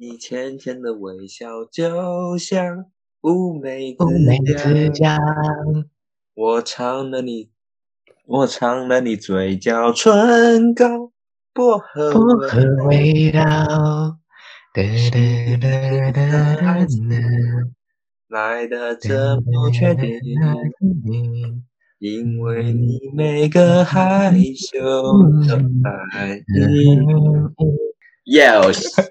你淺淺的微笑，就像烏梅子醬。我嘗了你，我嘗了你嘴角唇膏薄荷薄味道。噠噠噠噠噠噠，來得這麼確定，因為你每個害羞的愛意。Yeah。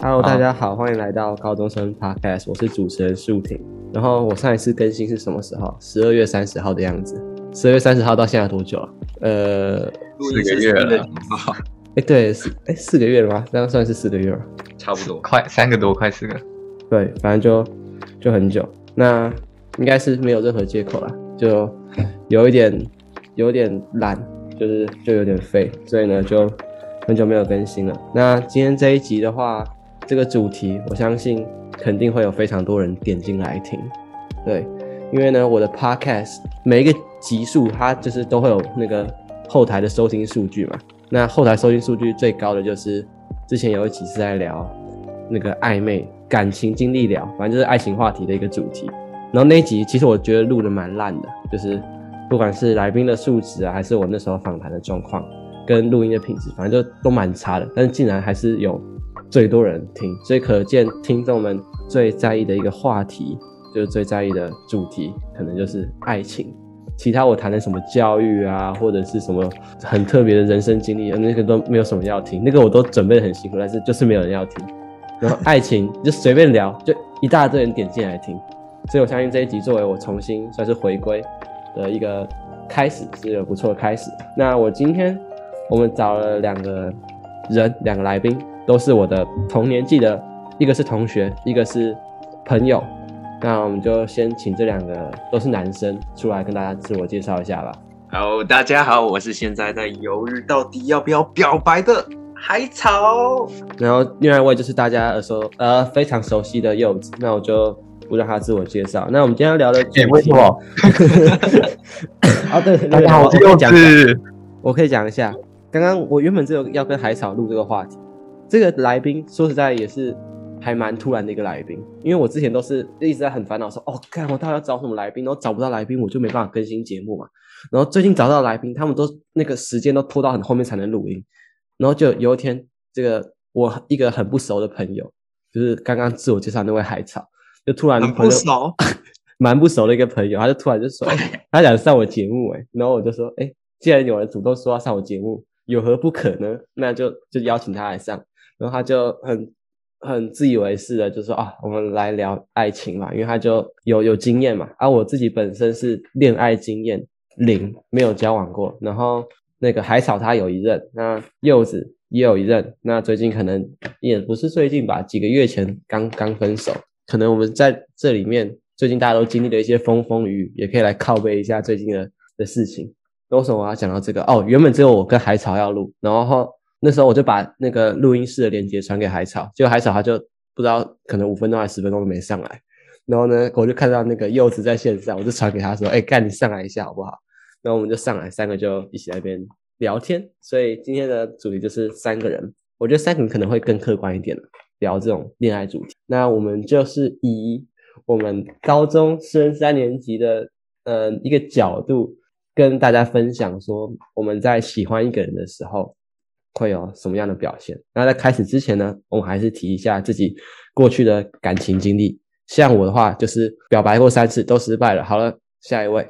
Hello，oh. 大家好，歡迎來到高中生 Podcast，我是主持人舒婷，然後我上一次更新是什麼時候？十二月三十號的樣子。十二月三十號到現在多久，啊呃、多了？呃好，四個月了。哎，對，哎四個月了嗎？這樣算是四個月了，差不多，快三個多，快四個。對，反正就就很久。那應該是沒有任何借口了，就有一點。 有點懶，就是就有點廢，所以呢，就很久沒有更新了。那今天這一集的話，這個主題，我相信肯定會有非常多人點進來聽，對，因為呢，我的 podcast 每一個集數，它就是都會有那個後臺的收聽數據嘛。那後臺收聽數據最高的就是之前有幾次在聊那個曖昧感情經歷聊，反正就是愛情話題的一個主題。然後那一集其實我覺得錄得蠻爛的，就是。不管是來賓的素質啊，還是我那時候訪談的狀況跟錄音的品質，反正就都蠻差的。但是竟然還是有最多人聽，所以可見聽眾們最在意的一個話題，就是最在意的主題，可能就是愛情。其他我談的什麼教育啊，或者是什麼很特別的人生經歷，那個都沒有什麼要聽。那個我都準備得很辛苦，但是就是沒有人要聽。然後愛情 就隨便聊，就一大堆人點進來聽。所以我相信這一集作為我重新算是回歸的一個開始，是一個不錯的開始。那我今天我們找了兩個人，兩個來賓，都是我的同年紀的，一個是同學，一個是朋友。那我們就先請這兩個都是男生出來跟大家自我介紹一下吧。好，大家好，我是現在在猶豫到底要不要表白的海草。然後另外一位就是大家耳熟呃、非常熟悉的柚子。那我就。不讓他自我介紹。那我們今天要聊的節目啊，對，大家好我繼續講一下，就是、我可以講一下。剛剛我原本就有要跟海草錄這個話題，這個來賓說實在也是還蠻突然的一個來賓，因為我之前都是一直在很煩惱說，哦，幹我到底要找什麼來賓，然後找不到來賓，我就沒辦法更新節目嘛。然後最近找到來賓，他們都那個時間都拖到很後面才能錄音。然後就有一天，這個我一個很不熟的朋友，就是剛剛自我介紹那位海草。就突然朋友蠻不熟，蠻 不熟的一個朋友，他就突然就說：“對欸、他想上我節目，哎。”然後我就說：“哎、欸，既然有人主動說要上我節目，有何不可呢？那就就邀請他來上。”然後他就很很自以為是的就說：“啊，我們來聊愛情嘛，因為他就有有經驗嘛。”啊，我自己本身是戀愛經驗零，沒有交往過。然後那個海草他有一任，那柚子也有一任，那最近可能也不是最近吧，幾個月前剛剛分手。可能我們在這裡面，最近大家都經歷了一些風風雨雨，也可以來靠背一下最近的的事情。那為什麼我要講到這個？哦，原本只有我跟海草要錄，然後那時候我就把那個錄音室的連接傳給海草，結果海草他就不知道，可能五分鐘還是十分鐘都沒上來。然後呢，我就看到那個柚子在線上，我就傳給他說：“哎、欸，幹，你上來一下好不好？”然後我們就上來，三個就一起在那邊聊天。所以今天的主題就是三個人，我覺得三個人可能會更客觀一點聊這種戀愛主題。那我們就是以我們高中聲三年級的呃一個角度跟大家分享說，我們在喜歡一個人的時候會有什麼樣的表現。那在開始之前呢，我們還是提一下自己過去的感情經歷。像我的話，就是表白過三次，都失敗了。好了，下一位。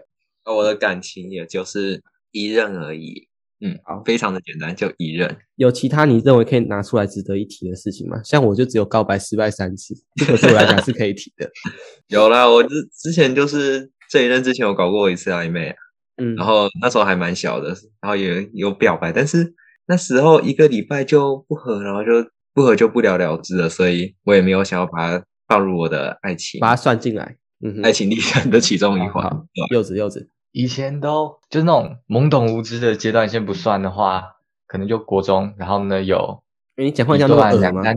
那我的感情也就是一任而已。嗯，好，非常的簡單，就一任。有其他你認為可以拿出來值得一提的事情嗎？像我就只有告白失敗三次，這個對我來講是可以提的。 有啦，我之之前就是這一任之前我搞過一次曖昧，嗯，然後那時候還蠻小的，然後也有表白，但是那時候一個禮拜就不合，然後就不合就不了了之了，所以我也沒有想要把它放入我的愛情，把它算進來，嗯哼，愛情歷史的其中一環。柚子，柚子。以前都就那種懵懂無知的階段，先不算的話，可能就國中。然後呢，有，誒，你講話要那麼惡嗎？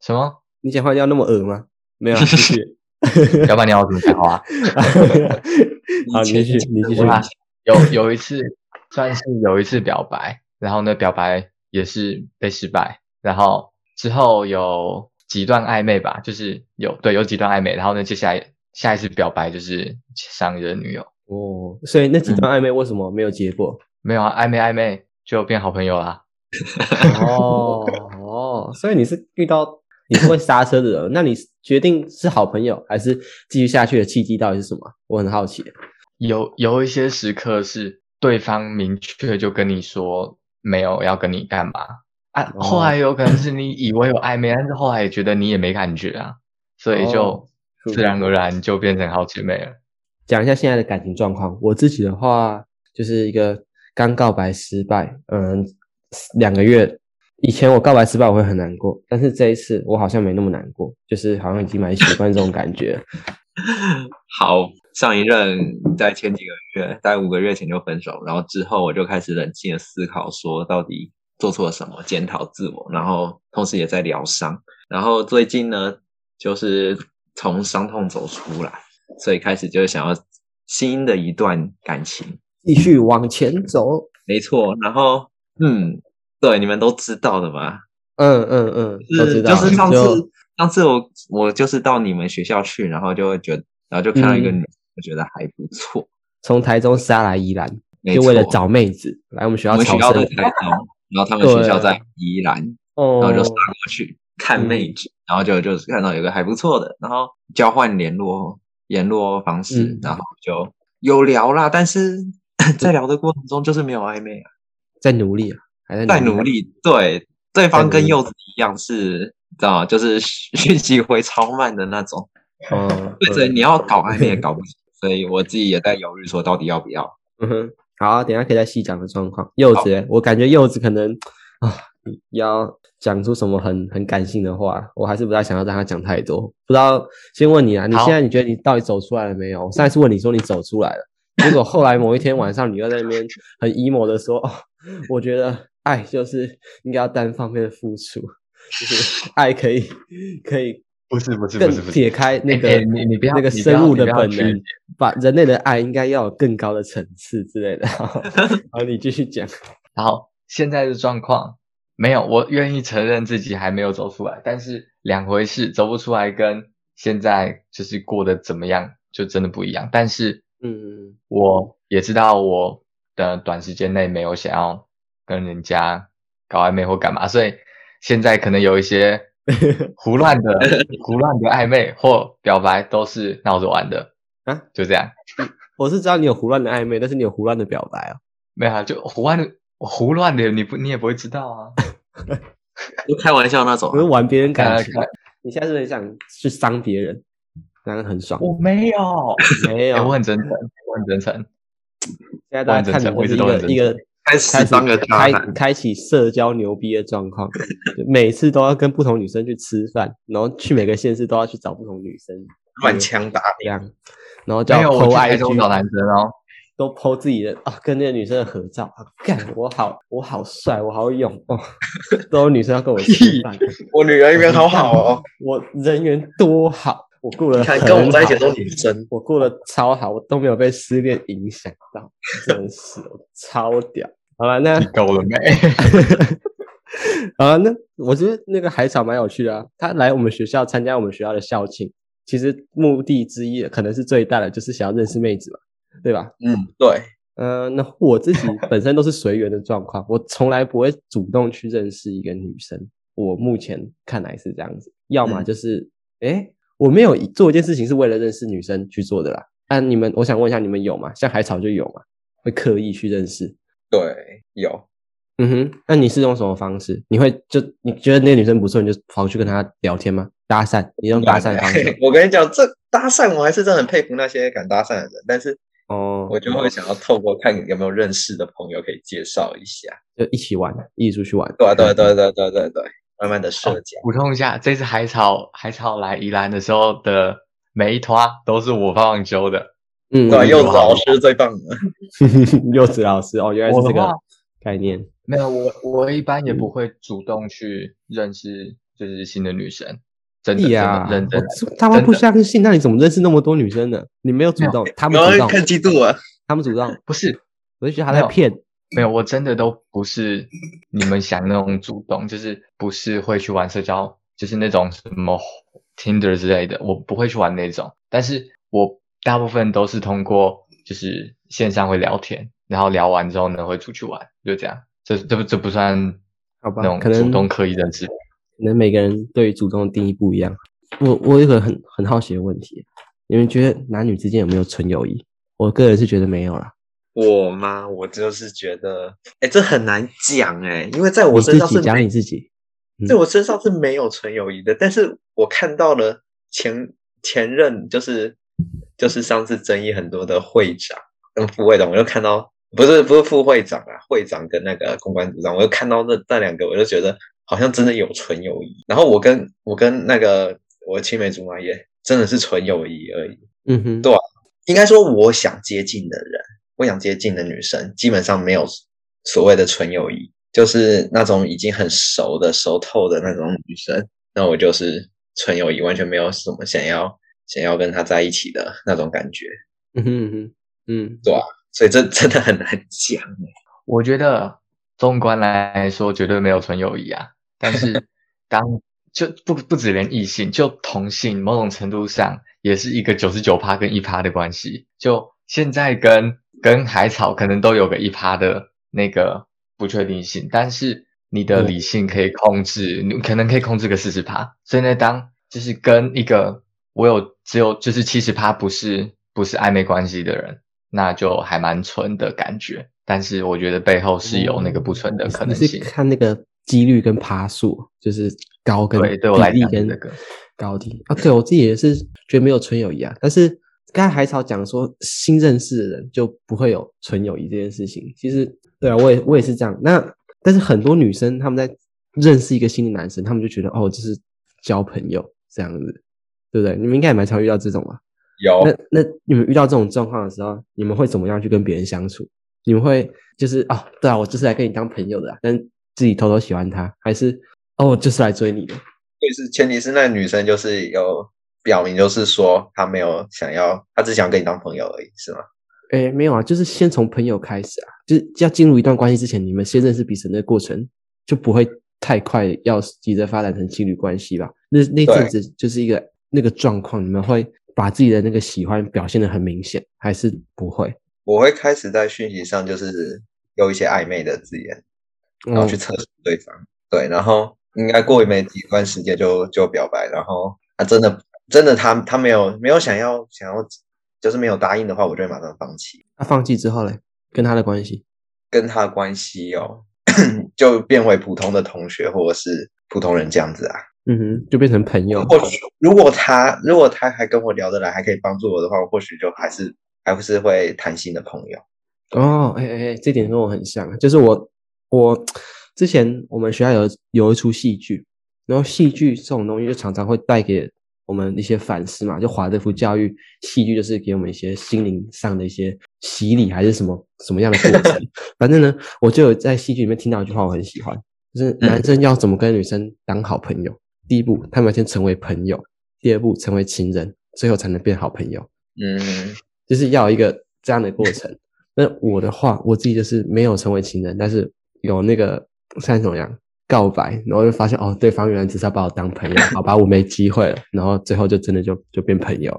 什麼？你講話要那麼惡嗎？沒有、啊。繼續。老闆娘，我怎麼講話？好，繼續，你繼續啊。有有一次算是有一次表白， 然後呢，表白也是被失敗。然後之後有幾段曖昧吧，就是有對有幾段曖昧。然後呢，接下來下一次表白就是上一個女友。哦，oh, 所以那幾段曖昧為什麼沒有結果？嗯，沒有啊，曖昧曖昧就變好朋友啦。哦哦，所以你是遇到你是會剎車的人， 那你決定是好朋友還是繼續下去的契機到底是什麼？我很好奇。有有一些時刻是對方明確就跟你說沒有要跟你幹嘛啊，oh. 後來有可能是你以為有曖昧，但是後來也覺得你也沒感覺啊，所以就自然而然就變成好姐妹了。講一下現在的感情狀況。我自己的話，就是一個剛告白失敗，嗯，兩個月以前我告白失敗我會很難過，但是這一次我好像沒那麼難過，就是好像已經蠻習慣這種感覺。 好，上一任在前幾個月，在五個月前就分手，然後之後我就開始冷靜的思考，說到底做錯了什麼，檢討自我，然後同時也在療傷，然後最近呢，就是從傷痛走出來。所以開始就是想要新的一段感情繼續往前走，嗯，沒錯。然後，嗯，對，你們都知道的嘛，嗯？嗯嗯嗯，是就是上次就上次我我就是到你們學校去，然後就會覺得，然後就看到一個女，嗯，我覺得還不錯。從台中殺來宜蘭，錯就為了找妹子來我們學校。我們學校在台中，然後他們學校在宜蘭，哦對，然後就殺過去看妹子，嗯，然後就就看到有個還不錯的，然後交換聯絡。聯絡方式，嗯、然後就有聊啦，但是在聊的過程中就是沒有曖昧啊，在努力啊，還在，啊在努力。對，對方跟柚子一樣是，知道就是訊息回超慢的那種，所以、哦、你要搞曖昧也搞不起。嗯、所以我自己也在猶豫，說到底要不要？嗯哼，好，等一下可以再細講的狀況。柚子，好我感覺柚子可能啊。哦要講出什麼很很感性的話，我還是不太想要跟他講太多。不知道先問你啊，你現在你覺得你到底走出來了沒有？好我上次問你說你走出來了， 結果後來某一天晚上你又在那邊很 emo 的說哦，我覺得愛就是應該要單方面的付出，就是愛可以可以更，那個，不是不是不是，解開那個你你不要，你不要那個生物的本能，把人類的愛應該要有更高的層次之類的。好， 好，你繼續講。好，現在的狀況。沒有，我願意承認自己還沒有走出來，但是兩回事，走不出來跟現在就是過得怎麼樣就真的不一樣。但是，嗯，我也知道我的短時間內沒有想要跟人家搞曖昧或幹嘛，所以現在可能有一些胡亂的 胡亂的曖昧或表白都是鬧着玩的啊，就這樣。我是知道你有胡亂的曖昧，但是你有胡亂的表白啊？沒有啊，就胡亂的。我胡亂的，你不你也不會知道啊，就開玩笑那種。我就玩別人感情。你現在是很想去傷別人，男人很爽。我沒有，沒有，我很真誠，我很真誠。現在大家看到我是一個一個開始，開始開開啟社交牛逼的狀況，每次都要跟不同女生去吃飯，然後去每個縣市都要去找不同女生亂槍打鳥，然後叫拋愛去找男生哦。都 po 自己的啊，跟那個女生的合照，幹、啊、我好我好帥我好勇哦，啊，都有女生要跟我吃飯 我女人緣好好哦，啊，我人緣多好，我過得你看跟我們在一起都女生。我過得超好，我都沒有被失戀影響到，真是超屌。好了，那夠了沒？ 好了，那我覺得那個海草蠻有趣的，啊。他來我們學校參加我們學校的校慶，其實目的之一的可能是最大的，就是想要認識妹子吧對吧？嗯，對，嗯、呃，那我自己本身都是隨緣的狀況， 我從來不會主動去認識一個女生。我目前看來是這樣子，要麼就是，哎、嗯，我沒有做一件事情是為了認識女生去做的啦。那你們，我想問一下，你們有嗎？像海草就有嗎？會刻意去認識？對，有。嗯哼，那你是用什麼方式？你會就你覺得那個女生不錯，你就跑去跟她聊天嗎？搭訕？你用搭訕方式？我跟你講，這搭訕我還是真的很佩服那些敢搭訕的人，但是。哦，oh, 我就會想要透過看你有沒有認識的朋友可以介紹一下，就一起玩，一起出去玩。對、啊、看看對對對對對對，慢慢的社交。補充、哦、一下，這次海草海草來宜蘭的時候的每一團都是我幫忙揪的。嗯，對、嗯，柚子老師最棒的。 柚子老師哦，原來是這個概念。沒有我，我一般也不會主動去認識就是新的女生。真的呀？や，他們不相信，的那你怎麼認識那麼多女生呢？你沒有主動，有他們主動看嫉妒我。有他們主動有不是？我就覺得他在騙。沒有，我真的都不是你們想那種主動，就是不是會去玩社交，就是那種什麼 Tinder 之類的，我不會去玩那種。但是我大部分都是通過就是線上會聊天，然後聊完之後呢會出去玩，就這樣。這這不這不算那種主動刻意的。可能每個人對於主動的定義不一樣。我我有個很很好奇的問題，你們覺得男女之間有沒有純友誼？我個人是覺得沒有啦。我嗎？我就是覺得，哎、欸，這很難講哎、欸，因為在我身上是講你，你自己，嗯、在我身上是沒有純友誼的。但是我看到了前前任，就是就是上次爭議很多的會長跟副會長，我又看到不是不是副會長啊，會長跟那個公關組長，我又看到那那兩個，我就覺得。好像真的有純友誼，然後我跟我跟那個我的青梅竹馬也真的是純友誼而已。嗯哼，對啊，應該說我想接近的人，我想接近的女生，基本上沒有所謂的純友誼，就是那種已經很熟的、熟透的那種女生，那我就是純友誼，完全沒有什麼想要想要跟她在一起的那種感覺。嗯哼哼，嗯，對啊，所以這真的很難講。我覺得縱觀來說，絕對沒有純友誼啊。 但是當，當就不不只連異性，就同性，某種程度上也是一個九十九趴跟一趴的關係。就現在跟跟海草可能都有個一趴的那個不確定性，但是你的理性可以控制，嗯、你可能可以控制個四十趴。所以呢，當就是跟一個我有只有就是七十趴，不是不是曖昧關係的人，那就還蠻純的感覺。但是我覺得背後是有那個不純的可能性。嗯、看那個。幾率跟爬數就是高跟對來例跟那個高低啊，對、okay, 我自己也是覺得沒有純友誼啊。但是剛才海草講說，新認識的人就不會有純友誼這件事情，其實對啊，我也我也是這樣。那但是很多女生他們在認識一個新的男生，他們就覺得哦，就是交朋友這樣子，對不對？你們應該也蠻常遇到這種吧？有那那你們遇到這種狀況的時候，你們會怎麼樣去跟別人相處？你們會就是啊、哦，對啊，我就是來跟你當朋友的、啊，但自己偷偷喜歡他，還是哦，就是來追你的？就是前提是那個女生就是有表明，就是說她沒有想要，她只想跟你當朋友而已，是嗎？誒、欸、沒有啊，就是先從朋友開始啊，就是要進入一段關係之前，你們先認識彼此的那個過程就不會太快，要急着發展成情侶關係吧？那那陣子就是一個對那個狀況，你們會把自己的那個喜歡表現得很明顯，還是不會？我會開始在訊息上就是有一些曖昧的字眼。然後去測試對方，嗯、對，然後應該過一沒幾段時間就就表白，然後他真的真的他他沒有沒有想要想要，就是沒有答應的話，我就會馬上放棄。他放棄之後嘞，跟他的關係，跟他的關係哦， 就變為普通的同學或者是普通人這樣子啊。嗯哼，就變成朋友。或許如果他如果他還跟我聊得來，還可以幫助我的話，我或許就還是還不是會談心的朋友。哦，哎哎哎，這點跟我很像，就是我。我之前我們學校有一有一出戲劇，然後戲劇這種東西就常常會帶給我們一些反思嘛。就華德福教育戲劇就是給我們一些心靈上的一些洗禮，還是什麼什麼樣的過程？反正呢，我就有在戲劇裡面聽到一句話，我很喜歡，就是男生要怎麼跟女生當好朋友？第一步，他們要先成為朋友；第二步，成為情人，最後才能變好朋友。嗯，就是要一個這樣的過程。那我的話，我自己就是沒有成為情人，但是，有那個算怎麼樣告白，然後就發現哦，對方原來只是要把我當朋友，好吧，我沒機會了，然後最後就真的就就變朋友，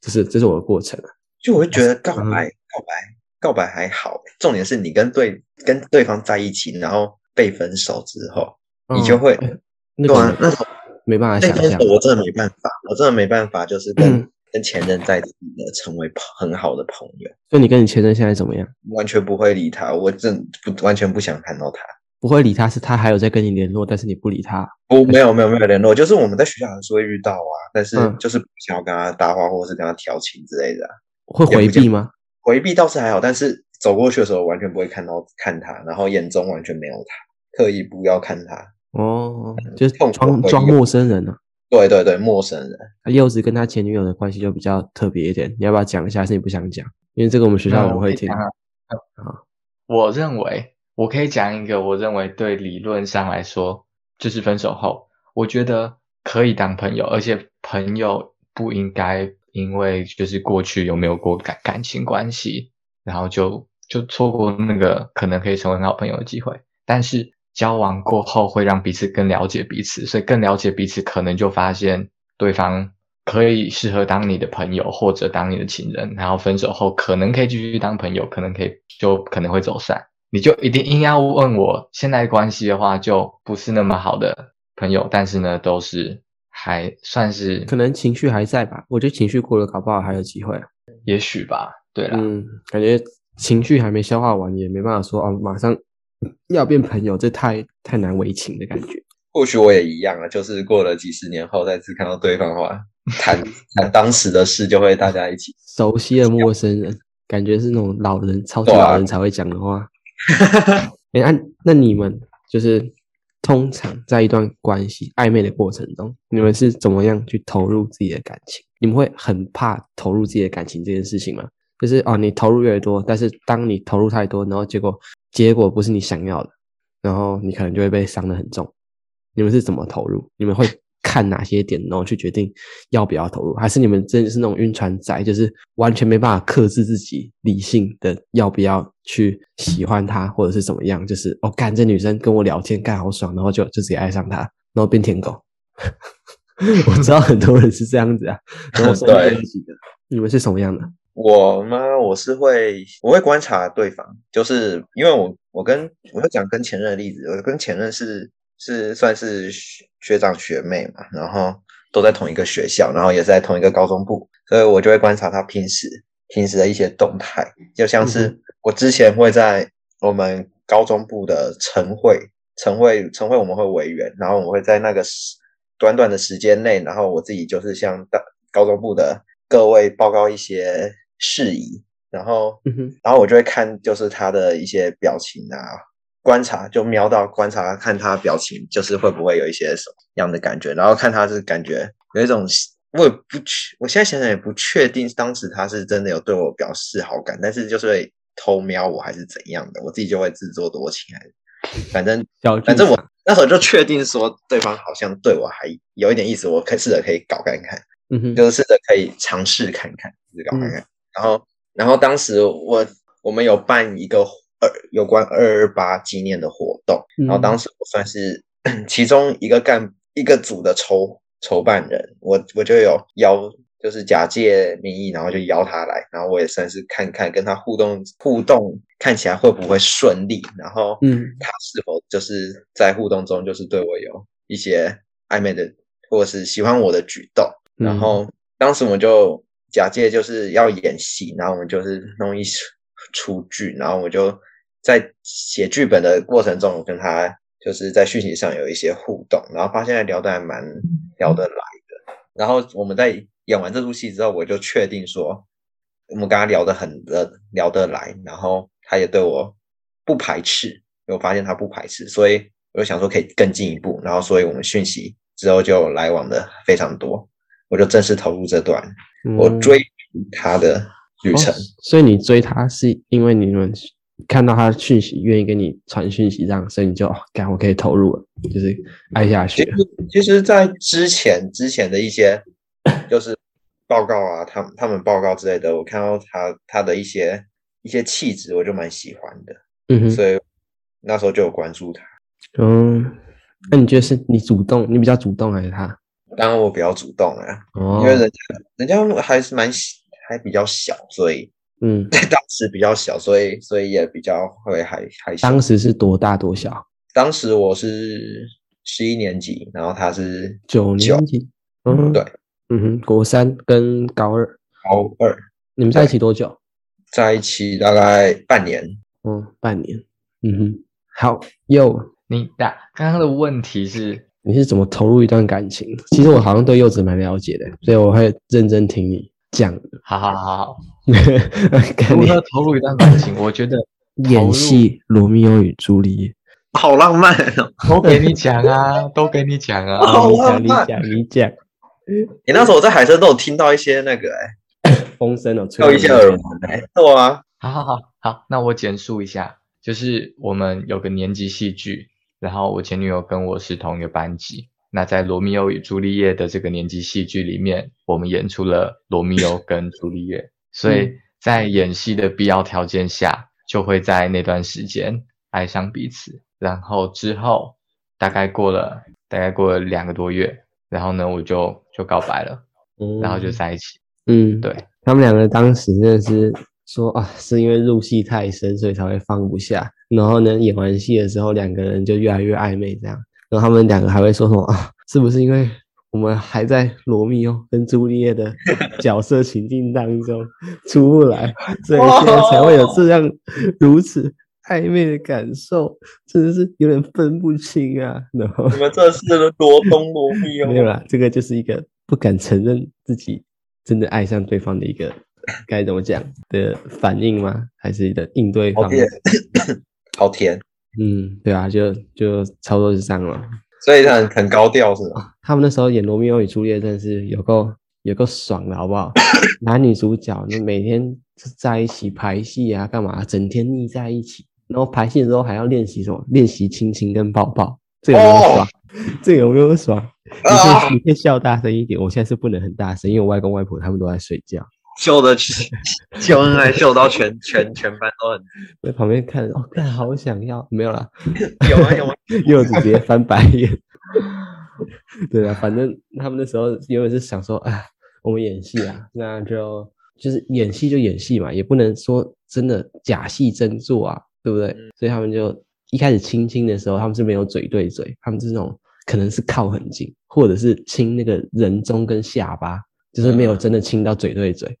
這是這是我的過程，就我會覺得告白、嗯、告白告白還好，重點是你跟對跟對方在一起，然後被分手之後，你就會、哦欸那個、對啊，那種沒辦法想像，那天我真的沒辦法，我真的沒辦法，就是跟、嗯。跟前任在一起的，成為很好的朋友。就你跟你前任現在怎麼樣？完全不會理他，我真不完全不想看到他。不會理他是他還有在跟你聯絡，但是你不理他。不，沒有，沒有沒有沒有聯絡，就是我們在學校還是會遇到啊，但是就是不想要跟他搭話，或者是跟他調情之類的啊。嗯、會回避嗎？回避倒是還好，但是走過去的時候完全不會看到看他，然後眼中完全沒有他，刻意不要看他。哦、oh, 嗯，就是裝裝陌生人呢、啊。對對對，陌生人。柚子跟他前女友的關係就比較特別一點，你要不要講一下？是你不想講？因為這個我們學校不會聽。啊、嗯，我,嗯、我認為我可以講一個，我認為對理論上來說，就是分手後，我覺得可以當朋友，而且朋友不應該因為就是過去有沒有過感感情關係，然後就就錯過那個可能可以成為很好朋友的機會。但是。交往過後會讓彼此更了解彼此，所以更了解彼此可能就發現對方可以適合當你的朋友或者當你的情人，然後分手後可能可以繼續當朋友，可能可以就可能會走散。你就一定硬要問我現在關係的話，就不是那麼好的朋友，但是呢，都是還算是可能情緒還在吧。我覺得情緒過了，搞不好還有機會啊。也許吧。對啦，嗯，感覺情緒還沒消化完，也沒辦法說哦，馬上。要變朋友，這太太難為情的感覺。或許我也一樣啊，就是過了幾十年後再次看到對方的話，談談當時的事，就會大家一起熟悉的陌生人，感覺是那種老人超級老人才會講的話。哎，對、啊， 欸，啊，那你們就是通常在一段關係曖昧的過程中，你們是怎麼樣去投入自己的感情？你們會很怕投入自己的感情這件事情嗎？就是哦，你投入越多，但是當你投入太多，然後結果，結果不是你想要的，然後你可能就會被傷得很重。你們是怎麼投入？你們會看哪些點，然後去決定要不要投入？還是你們真的是那種暈船仔，就是完全沒辦法克制自己理性的要不要去喜歡他，或者是怎麼樣？就是哦，幹這女生跟我聊天幹好爽，然後就就直接愛上他，然後變舔狗。 我知道很多人是這樣子啊，然後說自己的，對你們是什麼樣的？我呢，我是會，我會觀察對方，就是因為我我跟我會講跟前任的例子，我跟前任是是算是學，學長學妹嘛，然後都在同一個學校，然後也是在同一個高中部，所以我就會觀察他平時平時的一些動態，就像是我之前會在我們高中部的晨會晨會晨會我們會委員，然後我會在那個時，短短的時間內，然後我自己就是向大高中部的各位報告一些。事宜，然後，嗯、哼然後我就會看，就是他的一些表情啊，觀察，就瞄到觀察，看他表情，就是會不會有一些什麼樣的感覺，然後看他是感覺有一種，我也不，我現在想想也不確定，當時他是真的有對我表示好感，但是就是會偷瞄我還是怎樣的，我自己就會自作多情，反正，反正我那時候就確定說，對方好像對我還有一點意思，我可試着可以搞看看，嗯、哼就是試着可以嘗試看看，就搞看看。嗯然後，然後當時我我們有辦一個二有關二二八紀念的活動，嗯、然後當時我算是其中一個幹一個組的籌籌辦人，我我就有邀，就是假借名義，然後就邀他來，然後我也算是看看跟他互動互動看起來會不會順利，然後嗯，他是否就是在互動中就是對我有一些曖昧的或者是喜歡我的舉動，嗯、然後當時我就。假借就是要演戲，然後我們就是弄一出劇，然後我就在寫劇本的過程中，我跟他就是在訊息上有一些互動，然後發現他聊得還蠻聊得來的。然後我們在演完這出戲之後，我就確定說我們跟他聊得很的，聊得來，然後他也對我不排斥，我發現他不排斥，所以我就想說可以更進一步，然後所以我們訊息之後就來往的非常多，我就正式投入這段，我追他的旅程。嗯哦，所以你追他是因為你們看到他的訊息，願意跟你傳訊息，這樣，所以你就感覺、哦、我可以投入了，就是愛下去。其實，其實，在之前之前的一些，就是報告啊，他們他們報告之類的，我看到他他的一些一些氣質，我就蠻喜歡的。嗯哼，所以那時候就有關注他。嗯。那、嗯啊、你覺得是你主動，你比較主動，還是他？當然，我比較主動啊，哦、因為人家人家還是蠻還比較小，所以嗯，當時比較小，所以所以也比較會還還小。當時是多大多小？當時我是十一年級，然後他是九年級，嗯，對，嗯哼，國三跟高二。高二，你們在一起多久？在一起大概半年，嗯、哦，半年，嗯哼，好，又。你打，剛剛的問題是。你是怎麼投入一段感情？其實我好像對柚子蠻了解的，所以我會認真聽你講。好好好好，我要投入一段感情，我覺得演戲《羅密歐與朱麗葉》好浪漫。都給你講啊，都給你講啊，你講你講你講。你那時候我在海上都有聽到一些那個誒風聲哦，吹到一些耳環哎，是嗎？好好好好，那我簡述一下，就是我們有個年級戲劇。然後我前女友跟我是同一個班級，那在《羅密歐與朱麗葉》的這個年級戲劇裡面，我們演出了羅密歐跟朱麗葉，所以在演戲的必要條件下，就會在那段時間愛上彼此。然後之後大概過了大概過了兩個多月，然後呢我就就告白了，然後就在一起。嗯，對，嗯，他們兩個當時就是。說啊，是因為入戲太深，所以才會放不下。然後呢，演完戲的時候，兩個人就越來越曖昧，這樣。然後他們兩個還會說什麼啊？是不是因為我們還在羅密歐跟朱麗葉的角色情境當中出不來， 所以現在才會有這樣如此曖昧的感受？真的是有點分不清啊。然後你們這是羅東羅密歐。沒有啦，這個就是一個不敢承認自己真的愛上對方的一個。該怎麼講的反應嗎？還是你的應對方面？好甜，嗯，對啊，就就差不多是這樣了。所以他很很高調是嗎？他們那時候演《羅密歐與朱麗葉》真的是有夠有夠爽的，好不好？ 男女主角你每天就在一起排戲啊，幹嘛、啊？整天膩在一起，然後排戲的時候還要練習什麼？練習親親跟抱抱，這有沒有爽？哦、 這有沒有爽？啊、你，是是你可以笑大聲一點，我現在是不能很大聲，因為我外公外婆他們都在睡覺。秀的秀恩愛秀到全 全 全，全班都很在旁邊看，看，哦、好想要沒有啦。有啊 有啊，又、啊啊、 柚子直接翻白眼。 對啊，反正他們那時候因為是想說，哎，我們演戲啊， 那就就是演戲就演戲嘛，也不能說真的假戲真做啊，對不對？嗯、所以他們就一開始親親的時候，他們是沒有嘴對嘴，他們是那種可能是靠很近，或者是親那個人中跟下巴，就是沒有真的親到嘴對嘴。嗯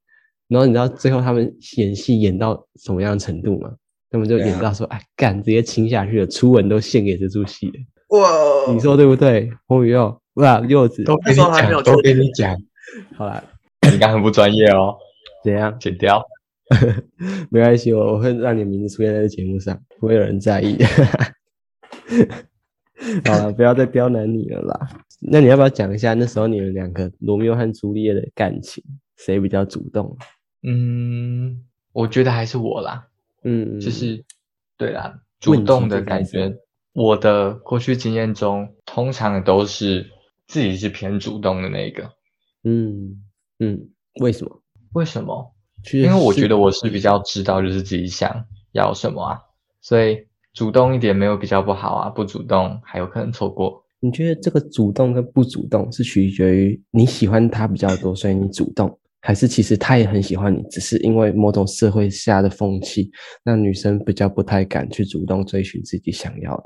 然後你知道最後他們演戲演到什麼樣的程度嗎？他們就演到說：“啊、哎，幹，直接親下去了，初吻都獻給這出戲了。”哇，你說對不對？紅雨柚，哇、啊，柚子都給你講，都跟你講， 好了啦、啊，你剛剛很不專業哦。怎樣？剪掉刁？ 沒關係，我我會讓你名字出現在節目上，不會有人在意。 好了，不要再刁難你了啦。 那你要不要講一下那時候你們兩個羅密歐和朱麗葉的感情，誰比較主動？嗯，我覺得還是我啦。嗯，就是，對啦，主動的感覺。我的過去經驗中，通常都是自己是偏主動的那一個。嗯嗯，為什麼？為什麼？因為我覺得我是比較知道就是自己想要什麼啊，所以主動一點沒有比較不好啊。不主動還有可能錯過。你覺得這個主動跟不主動是取決於你喜歡他比較多，所以你主動。還是其實他也很喜歡你，只是因為某種社會下的風氣，讓女生比較不太敢去主動追尋自己想要的。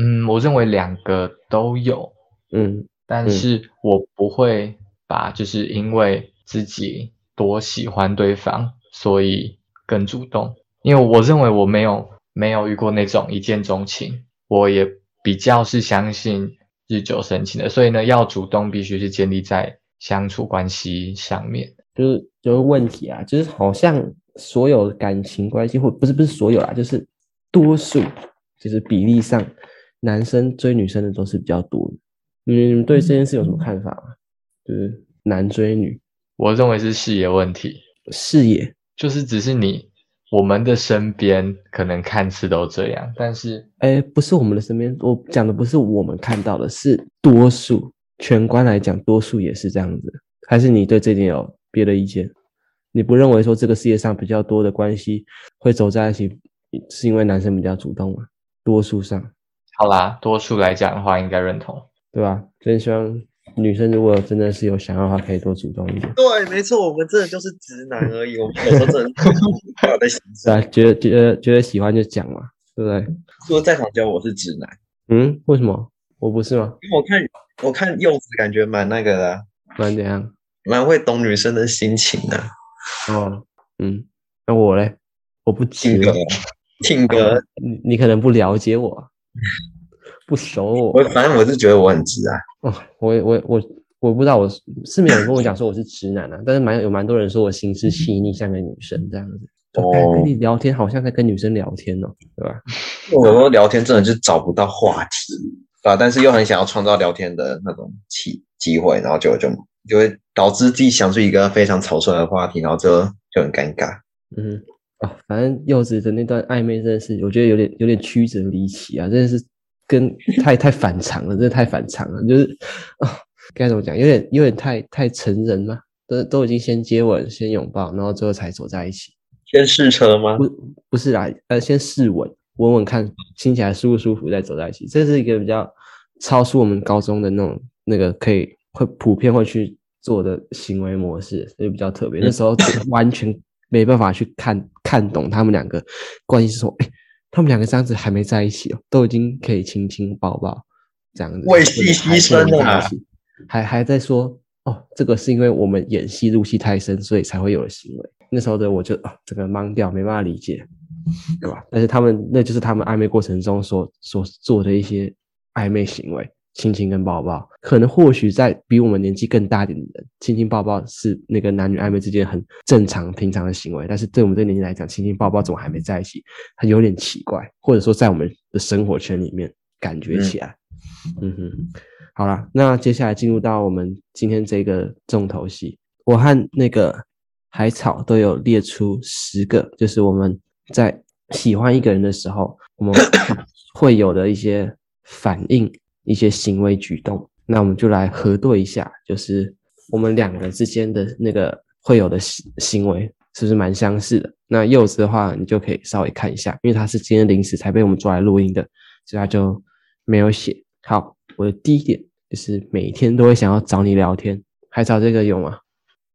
嗯，我認為兩個都有，嗯，但是我不會把就是因為自己多喜歡對方，所以更主動。因為我認為我沒有沒有遇過那種一見鍾情，我也比較是相信日久生情的，所以呢，要主動必須是建立在相處關係上面。就是就是問題啊，就是好像所有感情關係或不是不是所有啊，就是多數就是比例上，男生追女生的都是比較多的你，你們對這件事有什麼看法嗎、啊？就是男追女，我認為是視野問題。視野也就是只是你我們的身邊可能看似都這樣，但是哎，不是我們的身邊，我講的不是我們看到的是多數，全觀來講，多數也是這樣子。還是你對這件事有？別的意見，你不認為說這個世界上比較多的關係會走在一起，是因為男生比較主動嗎？啊，多數上，好啦，多數來講的話應該認同，對吧？所以希望女生如果真的是有想要的話，可以多主動一點。對，沒錯，我們真的就是直男而已。我們有時候真的很可怕，我在 對，覺得覺得覺得喜歡就講嘛，對不對？說在場只有我是直男，嗯，為什麼？我不是嗎？因為我看我看柚子感覺蠻那個的，蠻怎樣？蠻會懂女生的心情的、啊。哦，嗯，那我嘞？我不直的，聽歌。你你可能不了解我，不熟我。我反正我是覺得我很直啊。哦，我我我我不知道我是是沒有人跟我講說我是直男的、啊， 但是蠻有蠻多人說我心思細膩，嗯、像個女生這樣子。就哦，跟你聊天好像在跟女生聊天哦，對吧？我有時候聊天真的就找不到話題，對吧？但是又很想要創造聊天的那種機機會，然後就就。就會導致自己想出一個非常草率的話題，然後就就很尷尬。嗯，哦、啊，反正柚子的那段曖昧真的是，我覺得有點有點曲折離奇啊，真的是跟太太反常了， 真的太反常了，就是啊該怎麼講，有點有點，有點太太成人嘛都都已經先接吻、先擁抱，然後最後才走在一起。先試車嗎？不，不是啦，呃，先試吻，吻吻看，親起來舒不舒服，再走在一起。這是一個比較超出我們高中的那種那個，可以會普遍會去。做的行為模式，所以比較特別。那時候完全沒辦法去看 看懂他們兩個關係是說、欸、他們兩個這樣子還沒在一起哦，都已經可以親親抱抱這樣子，為戲犧牲的、啊，還還在說哦，這個是因為我們演戲入戲太深，所以才會有的行為。那時候的我就哦，整個懵掉，沒辦法理解，對吧？ 但是他們那就是他們曖昧過程中所所做的一些曖昧行為。親親跟抱抱，可能或許在比我們年紀更大一點的人，親親抱抱是那個男女曖昧之間很正常平常的行為，但是對我們這年紀來講，親親抱抱怎麼還沒在一起，它有點奇怪，或者說在我們的生活圈裡面感覺起來，嗯，嗯哼。好啦，那接下來進入到我們今天這個重頭戲，我和那個海草都有列出十個，就是我們在喜歡一個人的時候，我們會有的一些反應，一些行為舉動，那我們就來核對一下，就是我們兩個之間的那個會有的行行為，是不是蠻相似的？那柚子的話，你就可以稍微看一下，因為他是今天臨時才被我們抓來錄音的，所以他就沒有寫。好，我的第一點就是每天都會想要找你聊天，還找這個有嗎？啊？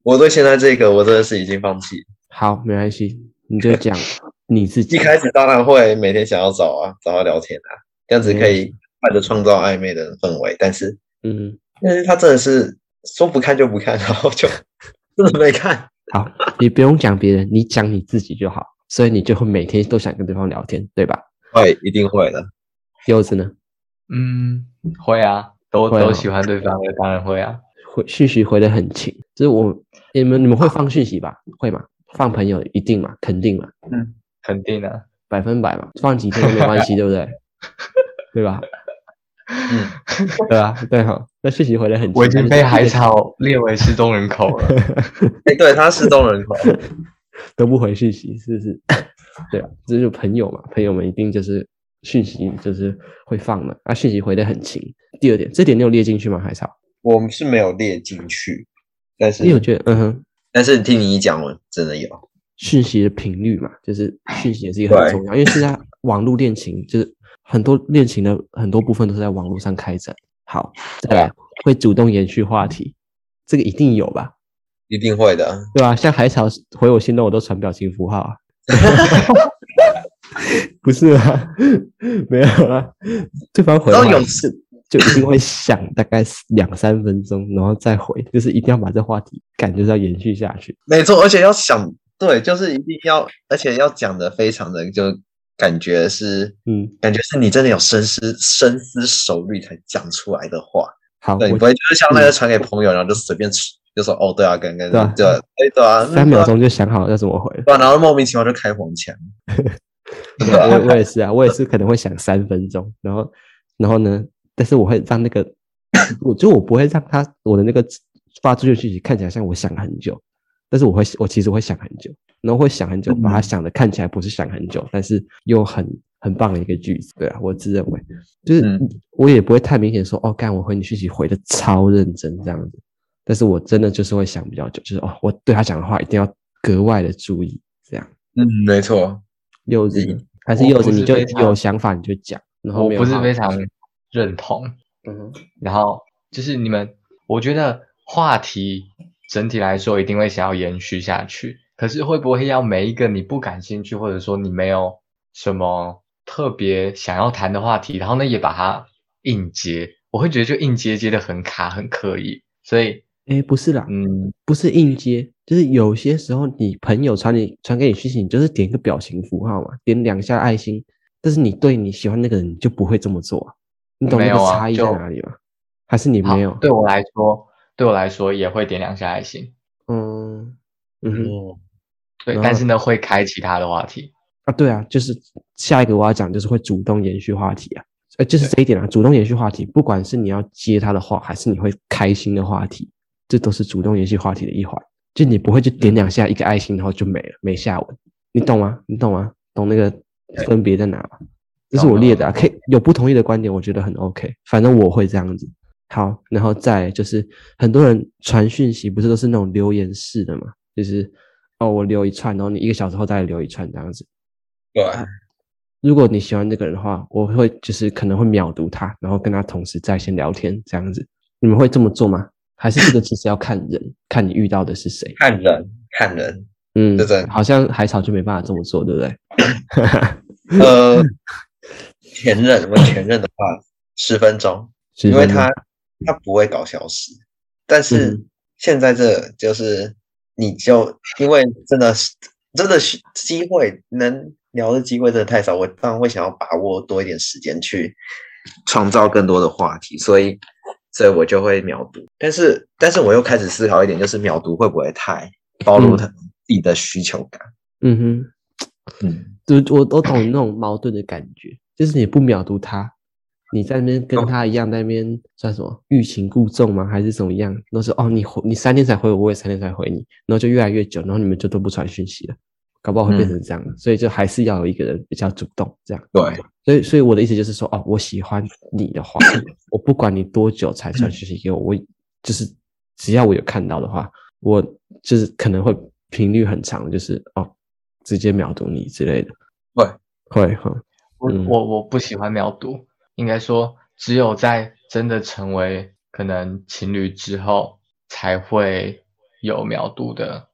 我對現在這個，我真的是已經放棄。好，沒關係，你就講 你自己。一開始當然會每天想要找啊，找他聊天啊，這樣子可以。還是創造曖昧的氛圍，但是，嗯，但是他真的是說不看就不看，然後就真的沒看。好，你不用講別人，你講你自己就好。所以你就會每天都想跟對方聊天，對吧？會，一定會的。柚子呢？嗯，會啊，都啊都喜歡對方，當然會啊。會敘敘回訊息回得很勤，就是我你們你們會放訊息吧？會嗎？放朋友一定嘛，肯定嘛，嗯，肯定的啊，百分百嘛，放幾天都沒關係，對不對？對吧？嗯， 對啊，對哈、啊，那訊息回的很勤，我已經被海草列為失蹤人口了。哎， 對他失蹤人口 都不回訊息，是不是？ 對啊，這就朋友嘛，朋友們一定就是訊息就是會放嘛。那、啊、訊息回的很勤。第二點，這點你有列進去嗎？海草，我們是沒有列進去，但是我覺得嗯哼，但是你聽你講，我真的有訊息的頻率嘛，就是訊息也是一個很重要，對因為現在網絡戀情就是。很多戀情的很多部分都是在網絡上開展。好，再來吧會主動延續話題，這個一定有吧？一定會的，對吧？像海草回我心動，我都傳表情符號、啊。 不是啊，沒有啊。對方回來，當就一定會想大概兩三分鐘，然後再回，就是一定要把這話題感覺、就是要延續下去。沒錯，而且要想對，就是一定要，而且要講的非常的就。感覺是，嗯，感覺是你真的有深思深思熟慮才講出來的話，好，對我你不會就是像那個傳給朋友，嗯、然後就隨便就說哦，對啊，剛剛對、啊、對，對啊，三、啊、秒鐘就想好要怎麼回，對、啊，然後莫名其妙就開黃腔。啊、 我我也是啊，我也是可能會想三分鐘，然後然後呢，但是我會讓那個，我 就我不會讓他我的那個發出去的信息看起來像我想很久。但是我會，我其實我會想很久，然後會想很久，把它想的看起來不是想很久，嗯、但是又很很棒的一個句子。對啊，我自認為就是、嗯、我也不會太明顯說哦幹，我回你訊息回的超認真這樣子。但是我真的就是會想比較久，就是哦，我對他講的話一定要格外的注意這樣。嗯，沒錯，幼稚還是幼稚，你就有想法你就講。然後我不是非常認同。嗯，然後就是你們，我覺得話題。整體來說，一定會想要延續下去。可是會不會要每一個你不感興趣，或者說你沒有什麼特別想要談的話題，然後呢也把它硬接？我會覺得就硬接接的很卡，很刻意。所以，哎、欸，不是啦，嗯，不是硬接，就是有些時候你朋友傳你傳給你訊息，你就是點一個表情符號嘛，點兩下愛心。但是你對你喜歡那個人，就不會這麼做，啊，你懂那個差異在哪裡嗎？就還是你沒有？對我來說。對我來說也會點兩下愛心，嗯嗯哼，對，後但是呢會開其他的話題啊，對啊，就是下一個我要講就是會主動延續話題啊，呃、欸，就是這一點啊，對主動延續話題，不管是你要接他的話，還是你會開心的話題，這都是主動延續話題的一環，就你不會就點兩下一個愛心對然後就沒了沒下文，你懂嗎、啊？你懂嗎、啊？懂那個分別在哪嗎？對這是我列的啊，可以有不同意的觀點，我覺得很 OK，反正我會這樣子。好，然後再就是很多人傳訊息，不是都是那種留言式的嘛？就是哦，我留一串，然後你一個小時後再留一串這樣子。對啊，如果你喜歡那個人的話，我會就是可能會秒讀他，然後跟他同時在線聊天這樣子。你們會這麼做嗎？還是這個其實要看人， 看你遇到的是誰。看人，看人，嗯，對對的，好像海草就沒辦法這麼做，對不對？ 呃，前任，我前任的話十 分鐘，因為他。 他不會搞消失，但是現在這就是你就、嗯、因為真的是真的是機會能聊的機會真的太少，我當然會想要把握多一點時間去創造更多的話題，所以所以我就會秒讀。但是但是我又開始思考一點，就是秒讀會不會太暴露他自己的需求感？嗯，嗯哼，嗯，就我都懂那種矛盾的感覺，就是你不秒讀他。你在那邊跟他一樣，在那邊算什麼欲擒、哦、故縱嗎？還是怎麼樣？都是哦，你你三天才回我，我也三天才回你，然後就越來越久，然後你們就都不傳訊息了，搞不好會變成這樣的。嗯、所以就還是要有一個人比較主動，這樣對。所以所以我的意思就是說，哦，我喜歡你的話，我不管你多久才傳訊息給我，嗯、我就是只要我有看到的話，我就是可能會頻率很長，就是哦，直接秒讀你之類的。對會會哈，嗯、我我我不喜歡秒讀。應該說，只有在真的成為可能情侶之後，才會有秒讀的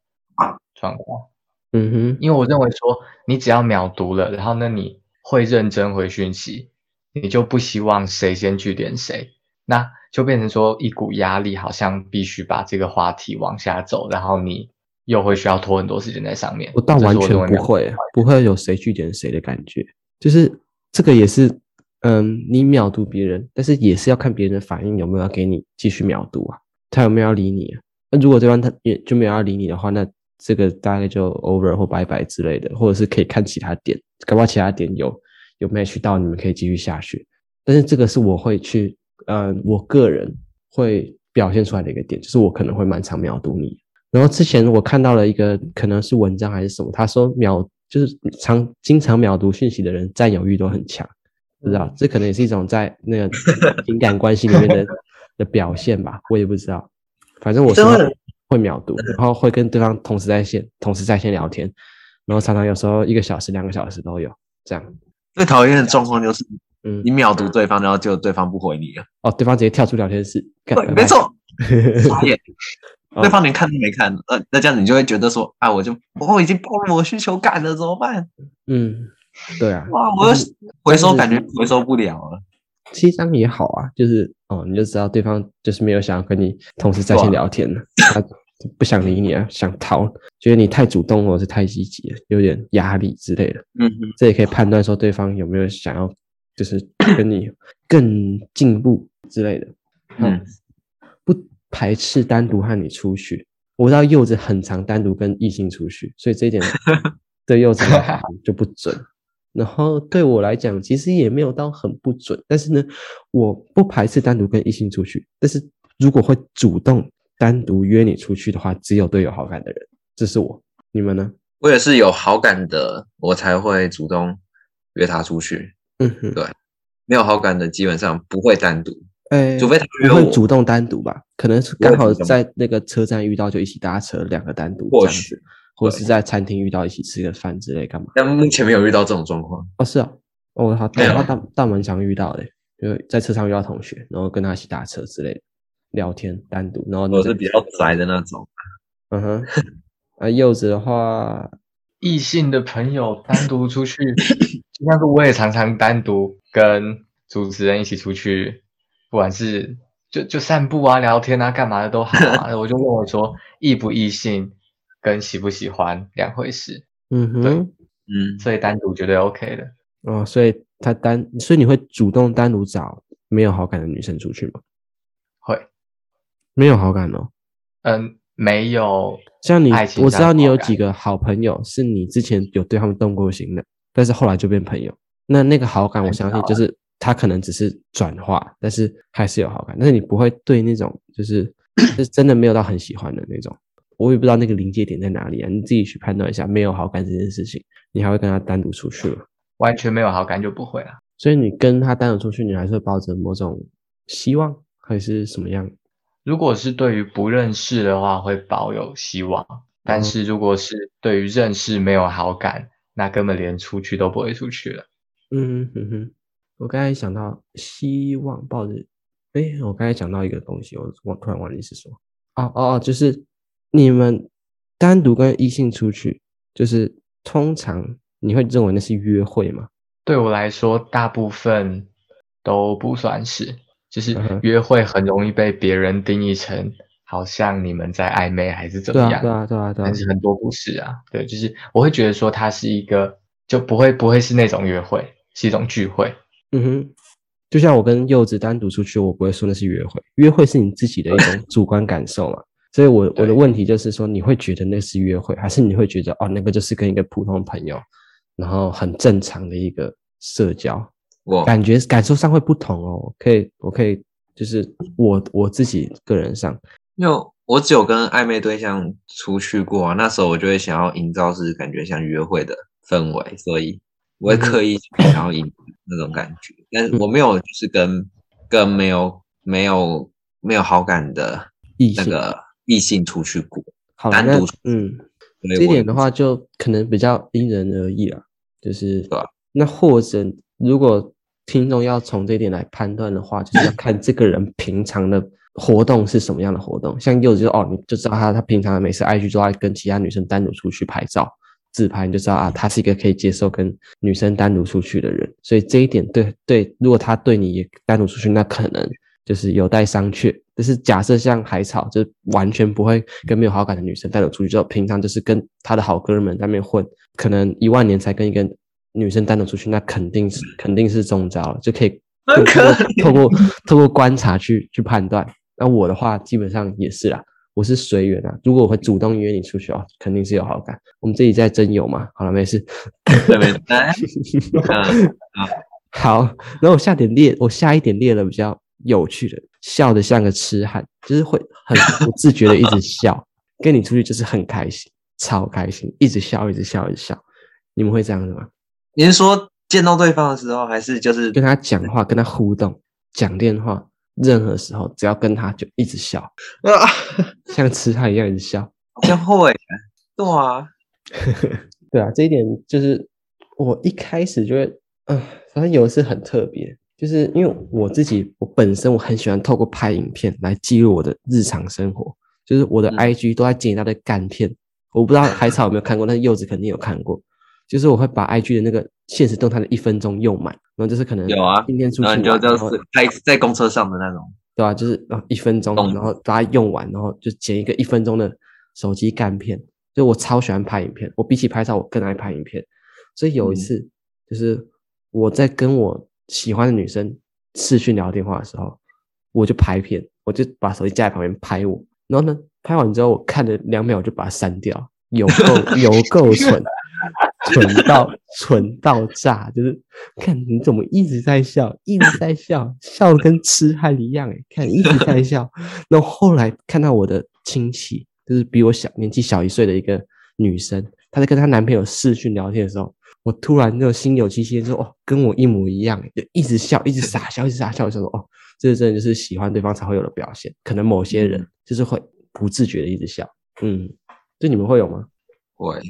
狀況。嗯哼，因為我認為說，你只要秒讀了，然後呢，你會認真回訊息，你就不希望誰先句點誰，那就變成說一股壓力，好像必須把這個話題往下走，然後你又會需要拖很多時間在上面。我倒完全不會，不會有誰句點誰的感覺，就是這個也是。嗯，你秒讀別人，但是也是要看別人的反應有沒有要給你繼續秒讀啊？他有沒有要理你啊？那如果對方他也就沒有要理你的話，那這個大概就 over 或拜拜之類的，或者是可以看其他點，搞不好其他點有有 match 到，你們可以繼續下去。但是這個是我會去，呃、嗯，我個人會表現出來的一個點，就是我可能會蠻常秒讀你。然後之前我看到了一個可能是文章還是什麼，他說秒就是常經常秒讀訊息的人，佔有欲都很強。不知道，這可能也是一種在那個情感關係裡面的 的表現吧，我也不知道。反正我是會秒讀，然後會跟對方同時在線，同時在線聊天，然後常常有時候一個小時、兩個小時都有這樣。最討厭的狀況就是，你秒讀對方，嗯、然後就對方不回你了。哦，對方直接跳出聊天室，對喂，拜拜，沒錯，眨 對方連看都沒看。那、呃、那這樣子你就會覺得說，啊，我就我已經暴露我需求感了，怎麼辦？嗯。對啊，哇！我就回收感覺回收不了了，七張也好啊，就是哦、嗯，你就知道對方就是沒有想要跟你同時在線聊天了，哇他不想理你啊，想逃，覺得你太主動了，或是太積極了，有點壓力之類的。嗯哼，這也可以判斷說，對方有沒有想要就是跟你更進步之類的。嗯，不排斥單獨和你出去。我知道柚子很常單獨跟異性出去，所以這一點對柚子來說還好，就不準。 然後對我來講，其實也沒有到很不准，但是呢，我不排斥單獨跟異性出去。但是如果會主動單獨約你出去的話，只有對有好感的人，這是我。你們呢？我也是有好感的，我才會主動約他出去。嗯哼，對，沒有好感的基本上不會單獨，誒除非他約我，不會主動單獨吧？可能是剛好在那個車站遇到，就一起搭車，兩個單獨。這樣子或許。或是在餐廳遇到一起吃個飯之類幹嘛？但目前沒有遇到這種狀況哦。是啊，我、哦、好沒有，但但蠻常遇到的，就在車上遇到同學，然後跟他一起打車之類聊天單獨，單獨。然後我是比較宅的那種。嗯哼，啊，柚子的話，異性的朋友單獨出去，像是 我也常常單獨跟主持人一起出去，不管是就就散步啊、聊天啊、幹嘛的都好啊。 我就問我說，異不異性？跟喜不喜歡兩回事，嗯哼，對嗯，所以單獨絕對 OK 的，哦，所以他單，所以你會主動單獨找沒有好感的女生出去嗎？會，沒有好感哦，嗯，沒有，像你，我知道你有幾個好朋友，是你之前有對他們動過心的，但是後來就變朋友，那那個好感，我相信就是他可能只是轉化，但是還是有好感，但是你不會對那種就是 就是真的沒有到很喜歡的那種。我也不知道那個臨界點在哪裡啊，你自己去判斷一下。沒有好感這件事情，你還會跟他單獨出去嗎？完全沒有好感就不會了，啊。所以你跟他單獨出去，你還是會抱着某種希望，還是什麼樣？如果是對於不認識的話，會抱有希望；哦、但是如果是對於認識沒有好感，那根本連出去都不會出去了。嗯哼，哼、嗯嗯、我剛才想到希望抱着，哎、欸，我剛才講到一個東西，我我突然忘記是什麼。哦哦哦，就是。你們單獨跟異性出去，就是通常你會認為那是約會嗎？對我來說，大部分都不算是，就是約會很容易被別人定義成好像你們在曖昧還是怎麼樣，對啊，對啊，對啊，對啊，但是很多不是啊，對，就是我會覺得說它是一個就不會不會是那種約會，是一種聚會。嗯哼，就像我跟柚子單獨出去，我不會說那是約會，約會是你自己的一種主觀感受嘛。 所以我，我對我的問題就是說，你會覺得那是約會，還是你會覺得哦，那個就是跟一個普通朋友，然後很正常的一個社交，我感覺我感受上會不同哦。可以，我可以，就是我我自己個人上，因為我只有跟曖昧對象出去過啊，那時候我就會想要營造是感覺像約會的氛圍，所以我會刻意想要營那種感覺， 但是我沒有就是跟跟沒有沒有沒有好感的那個。意識異性出去過，好，那單獨出去嗯。對這一點的話就可能比較因人而異了，就是，對那或者如果聽眾要從這一點來判斷的話，就是要看這個人平常的活動是什麼樣的活動。 像柚子就哦，你就知道他他平常每次 IG 都愛跟其他女生單獨出去拍照自拍，你就知道啊，他是一個可以接受跟女生單獨出去的人。所以這一點對對，如果他對你也單獨出去，那可能。就是有待商榷。就是假設像海草，就是完全不會跟沒有好感的女生單獨出去。之後平常就是跟他的好哥們在那邊混，可能一萬年才跟一個女生單獨出去，那肯定是肯定是中招了，就可以通過通過觀察去去判斷。那我的話基本上也是啦，我是隨緣啊。如果我會主動約你出去啊、哦，肯定是有好感。我們這裡在徵友嘛，好了，沒事，沒事。好。那我下一點列，我下一點列了比較，有趣的，笑得像個痴漢，就是會很不自覺的一直笑， 跟你出去就是很開心，超開心，一直笑，一直笑，一直笑，一直笑，你們會這樣子嗎？你是說見到對方的時候，還是就是跟他講話、跟他互動、講電話，任何時候只要跟他就一直笑啊， 像痴漢一樣一直笑。會，對 啊，哇 對啊，這一點就是我一開始就會，啊，反正有的是很特別。就是因為我自己，我本身我很喜歡透過拍影片來記錄我的日常生活，就是我的 IG 都在剪他的乾片，嗯、我不知道海草有沒有看過， 但是柚子肯定有看過。就是我會把 IG 的那個限時動態的一分鐘用滿，然後就是可能有啊，今天出去，然後就是開在公車上的那種，對吧，啊？就是啊一分鐘，然後大家用完，然後就剪一個一分鐘的手機乾片。就我超喜歡拍影片，我比起拍照我更愛拍影片。所以有一次，嗯、就是我在跟我喜歡的女生視訊聊電話的時候，我就拍片，我就把手機架在旁邊拍我。然後呢，拍完之後，我看了兩秒，我就把它刪掉，有夠有夠蠢， 蠢到蠢到炸！就是看你怎麼一直在笑，一直在笑，笑得跟痴漢一樣誒，看你一直在笑。 然後後來看到我的親戚，就是比我小年紀小一歲的一個女生，她在跟她男朋友視訊聊天的時候，我突然就心有戚戚，說哦，跟我一模一樣，就一直笑，一直傻笑，一直傻笑，傻笑說哦，這真的，就是喜歡對方才會有的表現。可能某些人就是會不自覺的一直笑，嗯，就你們會有嗎？會，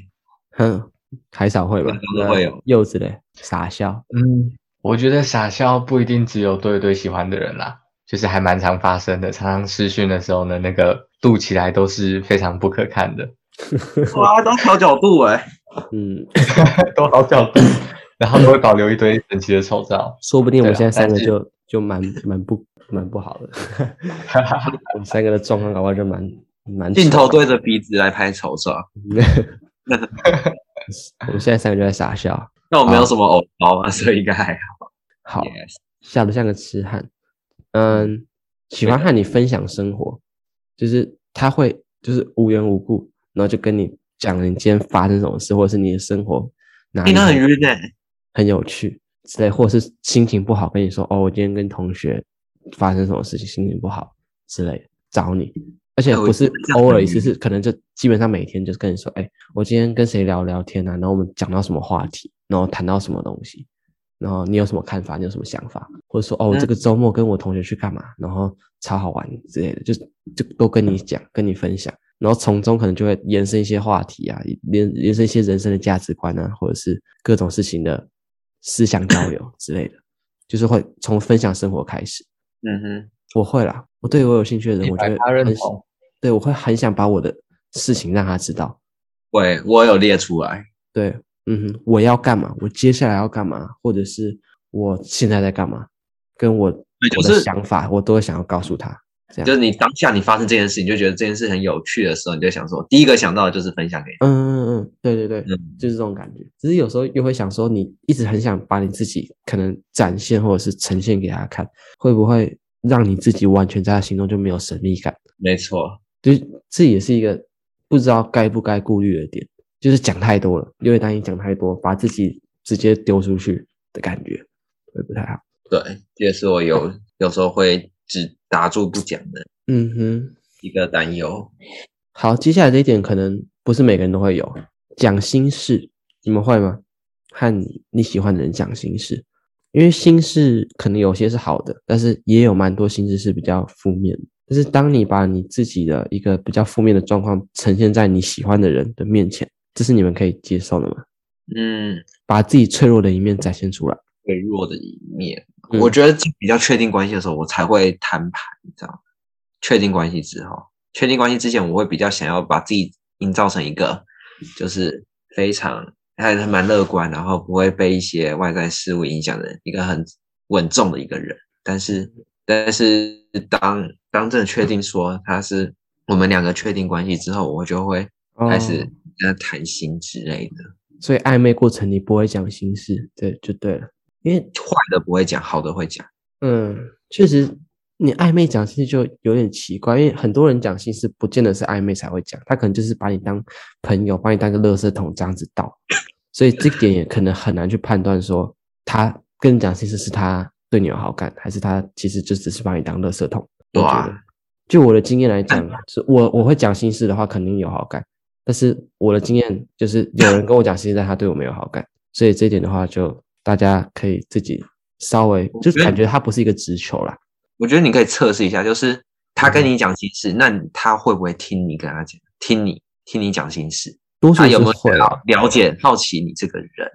哼，還少會吧？都會有，幼稚嘞，傻笑。嗯，我覺得傻笑不一定只有對對喜歡的人啦，就是還蠻常發生的。常常視訊的時候呢，那個度起來都是非常不可看的。 哇，都調角度哎！嗯，都好小，然後都會保留一堆神奇的醜照，說不定我們現在三個就、啊、就蠻蠻不蠻不好的。 我們三個的狀況搞不好就蠻蠻。鏡頭對着鼻子來拍醜照。 我們現在三個就在傻笑。那我沒有什麼偶包嘛，好所以應該還好。好，笑得像個痴漢。嗯，喜歡和你分享生活，就是他會就是無緣無故，然後就跟你。講你今天發生什麼事，或者是你的生活哪一、欸、很，很有趣之類，或者是心情不好，跟你說哦，我今天跟同學發生什麼事情，心情不好之類的，找你，而且不是偶爾一次，是可能就基本上每天就是跟你說，哎，我今天跟誰聊聊天啊？然後我們講到什麼話題，然後談到什麼東西，然後你有什麼看法，你有什麼想法，或者說哦，這個周末跟我同學去幹嘛，然後超好玩之類的，就就都跟你講，跟你分享。然後從中可能就會延伸一些話題啊，延延伸一些人生的價值觀啊，或者是各種事情的思想交流之類的， 就是會從分享生活開始。嗯哼，我會啦，我對我有興趣的人我，我覺得很好，對，我會很想把我的事情讓他知道。對，我有列出來。對，嗯哼，我要幹嘛？我接下來要幹嘛？或者是我現在在幹嘛？跟我對、就是、我的想法，我都會想要告訴他。就是你當下你發生這件事情就覺得這件事很有趣的時候，你就想說，第一個想到的就是分享給你。嗯嗯嗯，對對對，嗯、就是這種感覺。只是有時候又會想說，你一直很想把你自己可能展現或者是呈現給他看，會不會讓你自己完全在他心中就沒有神秘感？沒錯，就是這也是一個不知道該不該顧慮的點，就是講太多了，因為擔心講太多，把自己直接丟出去的感覺會不太好。對，這也是我有有時候會只打住不講的，嗯哼，一個擔憂。好，接下來這一點可能不是每個人都會有。講心事，你們會嗎？和你你喜歡的人講心事，因為心事可能有些是好的，但是也有蠻多心事是比較負面。但是當你把你自己的一個比較負面的狀況呈現在你喜歡的人的面前，這是你們可以接受的嗎？嗯，把自己脆弱的一面展現出來，脆弱的一面。我覺得比較確定關係的時候，我才會攤牌，你知道嗎？確定關係之後，確定關係之前，我會比較想要把自己營造成一個，就是非常還是蠻樂觀，然後不會被一些外在事物影響的一個很穩重的一個人。但是，但是當當真的確定說他是我們兩個確定關係之後，我就會開始跟他談心之類的。哦，所以曖昧過程你不會講心事，對，就對了。因為壞的不會講，好的會講。嗯，確實，你曖昧講心事就有點奇怪，因為很多人講心事不見得是曖昧才會講，他可能就是把你當朋友，把你當個垃圾桶這樣子倒。所以這點也可能很難去判斷說，說他跟你講心事是他對你有好感，還是他其實就只是把你當垃圾桶。啊哇就，就我的經驗來講，嗯、是我我會講心事的話，肯定有好感。但是我的經驗就是，有人跟我講心事， 但他對我沒有好感。所以這點的話就，就大家可以自己稍微就是感覺他不是一個直球啦，我覺得你可以測試一下，就是他跟你講心事，嗯、那他會不會聽你跟他講，聽你聽你講心事？多數會啊。他有沒有了解、好奇你這個人？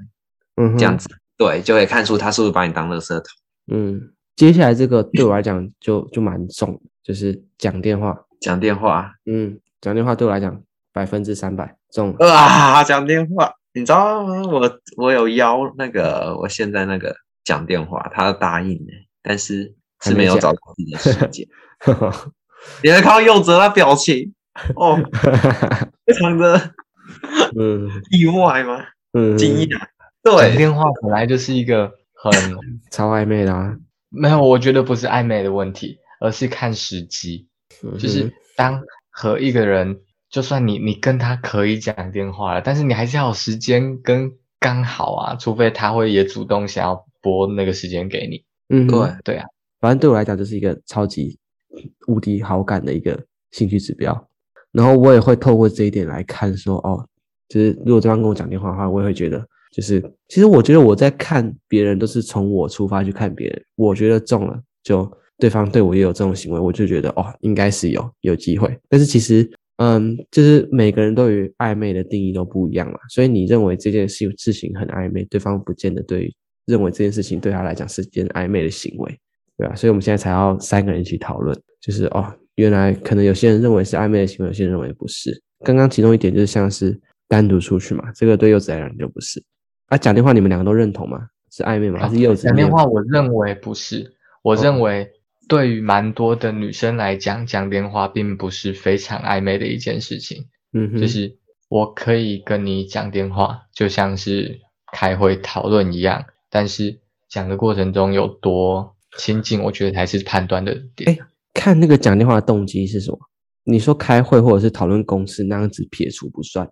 嗯哼，這樣子對，就可以看出他是不是把你當垃圾桶。嗯，接下來這個對我來講就、嗯、就蠻重，就是講電話。講電話，嗯，講電話對我來講百分之三百重。啊，講電話。你知道嗎？我我有邀那個，我現在那個講電話，他答應呢，但是是沒有找到自己的時間。你是靠柚子那表情哦，非常的意、嗯、外嗎？驚訝、嗯，對，電話本來就是一個很超曖昧的、啊，沒有，我覺得不是曖昧的問題，而是看時機，嗯、哼就是當和一個人。就算你你跟他可以講電話了，但是你還是要有時間跟剛好啊，除非他會也主動想要撥那個時間給你。嗯，對對啊，反正對我來講就是一個超級無敵好感的一個興趣指標。然後我也會透過這一點來看說，說哦，就是如果對方跟我講電話的話，我也會覺得就是其實我覺得我在看別人都是從我出發去看別人。我覺得中了，就對方對我也有這種行為，我就覺得哦，應該是有有機會。但是其實。嗯，就是每個人對於曖昧的定義都不一樣嘛，所以你認為這件事，事情很曖昧，對方不見得對認為這件事情對他來講是件曖昧的行為，對吧？所以我們現在才要三個人一起討論，就是哦，原來可能有些人認為是曖昧的行為，有些人認為不是。剛剛其中一點就是像是單獨出去嘛，這個對柚子來講就不是。啊，講電話你們兩個都認同嗎？是曖昧嗎？啊、還是柚子？講電話我認為不是，我認為、哦。對於蠻多的女生來講，講電話並不是非常曖昧的一件事情。嗯哼，就是我可以跟你講電話，就像是開會討論一樣，但是講的過程中有多親近，我覺得才是判斷的點誒。看那個講電話的動機是什麼？你說開會或者是討論公事，那樣子撇除不算，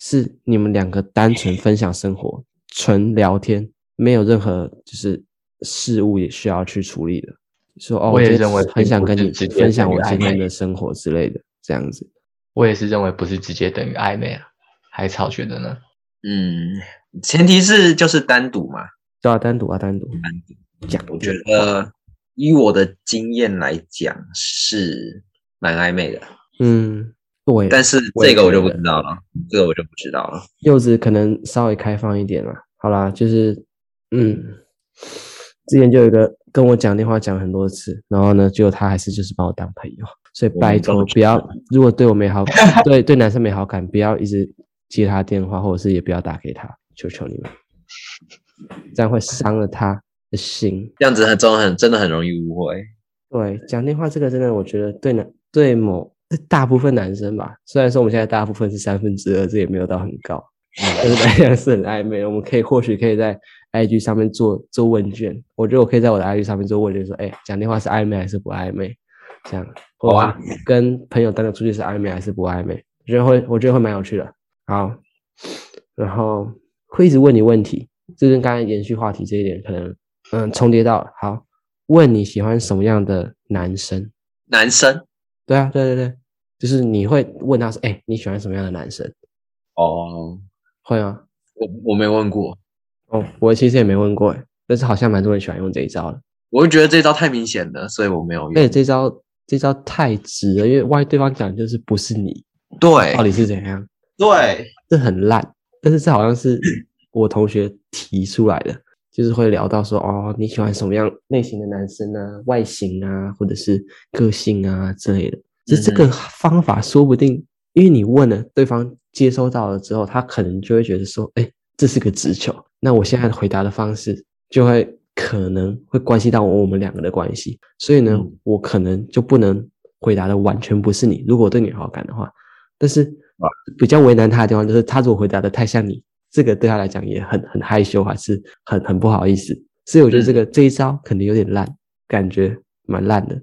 是你們兩個單純分享生活、 純聊天，沒有任何就是事物也需要去處理的。說哦，我也認為很想跟你分享我今天的生活之類的，這樣子。我也是認為不是直接等於曖昧啊，海草覺得呢？嗯，前提是就是單獨嘛，對啊、單獨啊，單獨。單獨講，我覺得、嗯、以我的經驗來講是蠻曖昧的。嗯，對。但是這個我就不知道了，這個我就不知道了。柚子可能稍微開放一點了。好啦，就是嗯。嗯之前就有一個跟我講電話講很多次，然後呢，最後他還是就是把我當朋友，所以拜託不要，如果對我沒好， 對對男生沒好感，不要一直接他電話，或者是也不要打給他，求求你們，這樣會傷了他的心，這樣子很重很真的很容易誤會。對，講電話這個真的，我覺得對男對某對大部分男生吧，雖然說我們現在大部分是三分之二，這也沒有到很高， 但是大家是很曖昧，我們可以或許可以在。IG 上面做做問卷，我覺得我可以在我的 IG 上面做問卷，說，哎、欸，講電話是曖昧還是不曖昧？這樣，好啊。跟朋友單獨出去是曖昧還是不曖昧？我覺得會，我覺得會蠻有趣的。好，然後會一直問你問題，這跟剛才延續話題這一點可能，嗯，重疊到了。好，問你喜歡什麼樣的男生？男生？對啊，對對對，就是你會問他是，說，哎，你喜歡什麼樣的男生？哦，會啊嗎，我我沒問過。哦，我其實也沒問過，哎，但是好像蠻多人喜歡用這一招的。我就覺得這一招太明顯了，所以我沒有用。哎，這一招這一招太直了，因為萬一對方講的就是不是你，對，到底是怎樣？對、嗯，這很爛。但是這好像是我同學提出來的， 就是會聊到說，哦，你喜歡什麼樣類型的男生呢、啊？外形啊，或者是個性啊之類的。這這個方法說不定，嗯、哼因為你問了，對方接收到了之後，他可能就會覺得說，哎、欸，這是個直球。那我現在的回答的方式，就會可能會關係到我，我們兩個的關係，所以呢，我可能就不能回答的完全不是你。如果對你有好感的話，但是比較為難他的地方，就是他如果回答的太像你，這個對他來講也很很害羞，還是很很不好意思。所以我覺得這個這一招可能有點爛，感覺蠻爛的。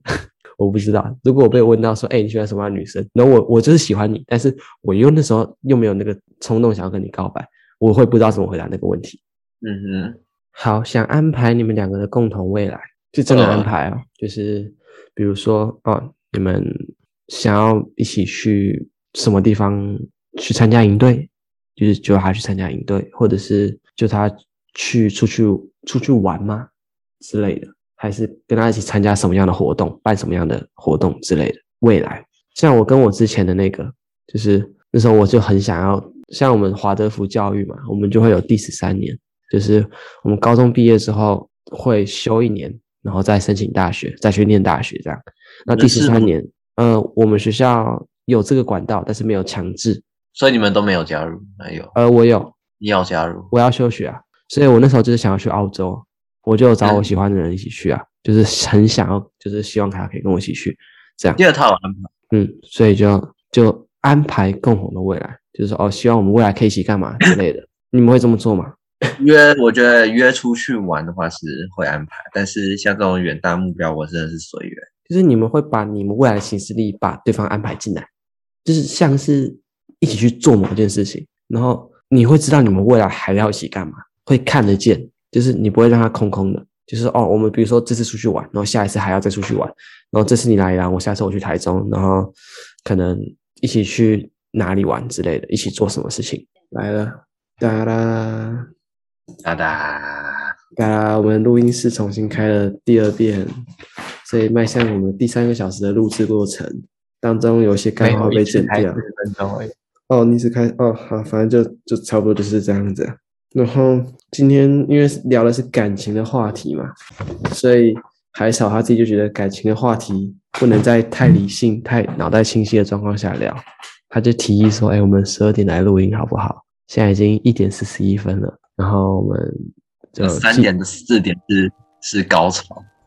我不知道，如果我被問到說，哎，你喜歡什麼樣的女生？然後我我就是喜歡你，但是我又那時候又沒有那個衝動想要跟你告白。我會不知道怎麼回答那個問題。嗯哼，好，想安排你們兩個的共同未來，就真的安排哦、啊，就是比如說哦，你們想要一起去什麼地方去參加營隊，就是就他去參加營隊，或者是就他去出去出去玩嗎之類的，還是跟他一起參加什麼樣的活動，辦什麼樣的活動之類的未來。像我跟我之前的那個，就是那時候我就很想要。像我們華德福教育嘛，我們就會有第十三年，就是我們高中畢業之後會休一年，然後再申請大學，再去念大學這樣。那第十三年，是呃，我們學校有這個管道，但是沒有強制，所以你們都沒有加入。沒有，呃，我有，你要加入，我要休學啊，所以我那時候就是想要去澳洲，我就找我喜歡的人一起去啊，嗯、就是很想要，就是希望他可以跟我一起去，這樣。第二套安排啊。嗯，所以就就安排共同的未來。就是哦，希望我們未來可以一起幹嘛之類的，你們會這麼做嗎？約，我覺得約出去玩的話是會安排，但是像這種遠大目標，我真的是隨緣。就是你們會把你們未來的行事曆，把對方安排進來，就是像是一起去做某件事情，然後你會知道你們未來還要一起幹嘛，會看得見，就是你不會讓他空空的，就是哦，我們比如說這次出去玩，然後下一次還要再出去玩，然後這次你來了，啊，我下次我去台中，然後可能一起去哪裡玩之類的，一起做什麼事情來了？噠噠噠噠噠！我們錄音室重新開了第二遍，所以邁向我們第三個小時的錄制過程當中，有些乾貨會被剪掉。哦，你是開哦，好，反正就就差不多就是這樣子。然後今天因為聊的是感情的話題嘛，所以還少他自己就覺得感情的話題不能在太理性、太腦袋清晰的狀況下聊。他就提議說：“哎、欸，我們十二點來錄音好不好？現在已經一點四十一分了，然後我們就三點的四點是是高潮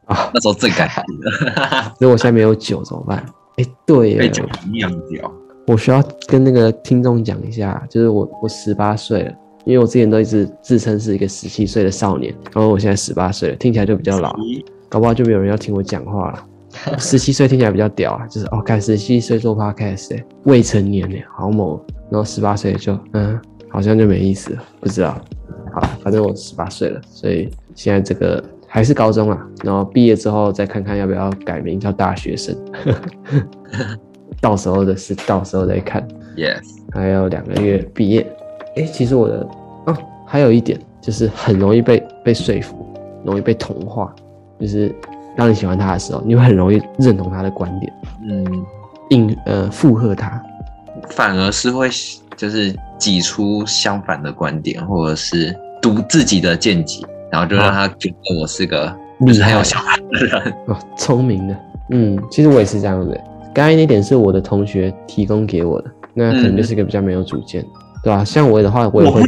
啊，那時候最該喊的。所以我現在沒有酒怎麼辦？哎、 欸，對，被酒一樣掉。我需要跟那個聽眾講一下，就是我我十八歲了，因為我之前都一直自稱是一個十七歲的少年，然後我現在十八歲了，聽起來就比較老，搞不好就沒有人要聽我講話了。”十七歲聽起來比較屌啊，就是哦，看十七歲做 podcast，欸、未成年哎、欸，好猛！然後十八歲就嗯，好像就沒意思了，不知道。好，反正我十八歲了，所以現在這個還是高中啊。然後畢業之後再看看要不要改名叫大學生。 到時候的事到時候再看。Yes，還有兩個月畢業。哎、欸，其實我的哦，還有一點就是很容易被被說服，容易被同化，就是。當你喜歡他的時候，你會很容易認同他的觀點，嗯，應呃附和他，反而是會就是擠出相反的觀點，或者是讀自己的見解，然後就讓他覺得我是個很有想法的人，哦哦，聰明的，嗯，其實我也是這樣子。剛才那點是我的同學提供給我的，那可能就是一個比較沒有主見，嗯，對吧？像我的話，我也會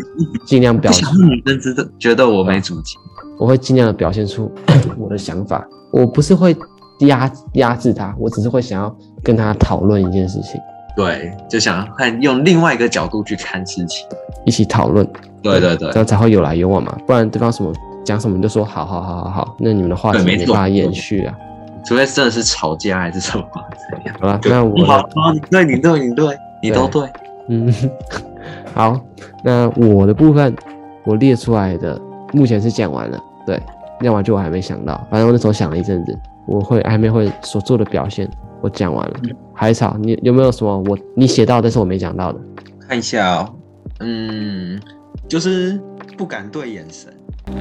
盡量表達，不想讓女生覺得我沒主見。我會盡量的表現出我的想法，我不是會壓壓制他，我只是會想要跟他討論一件事情，對，就想要看用另外一個角度去看事情，一起討論，對對對，這樣才會有來有往嘛，不然對方什麼講什麼，什麼你就說好好好好好，那你們的話題沒辦法延續啊，啊除非真的是吵架還是什麼這樣。好吧啦，就那我好，對你對，你對，對你都對，嗯， 好，那我的部分我列出來的目前是講完了。對，念完就我還沒想到，反正我那時候想了一陣子，我會，還沒會所做的表現，我講完了。海草，你有沒有什麼我你寫到，但是我沒講到的？看一下哦，嗯，就是不敢對眼神。嗯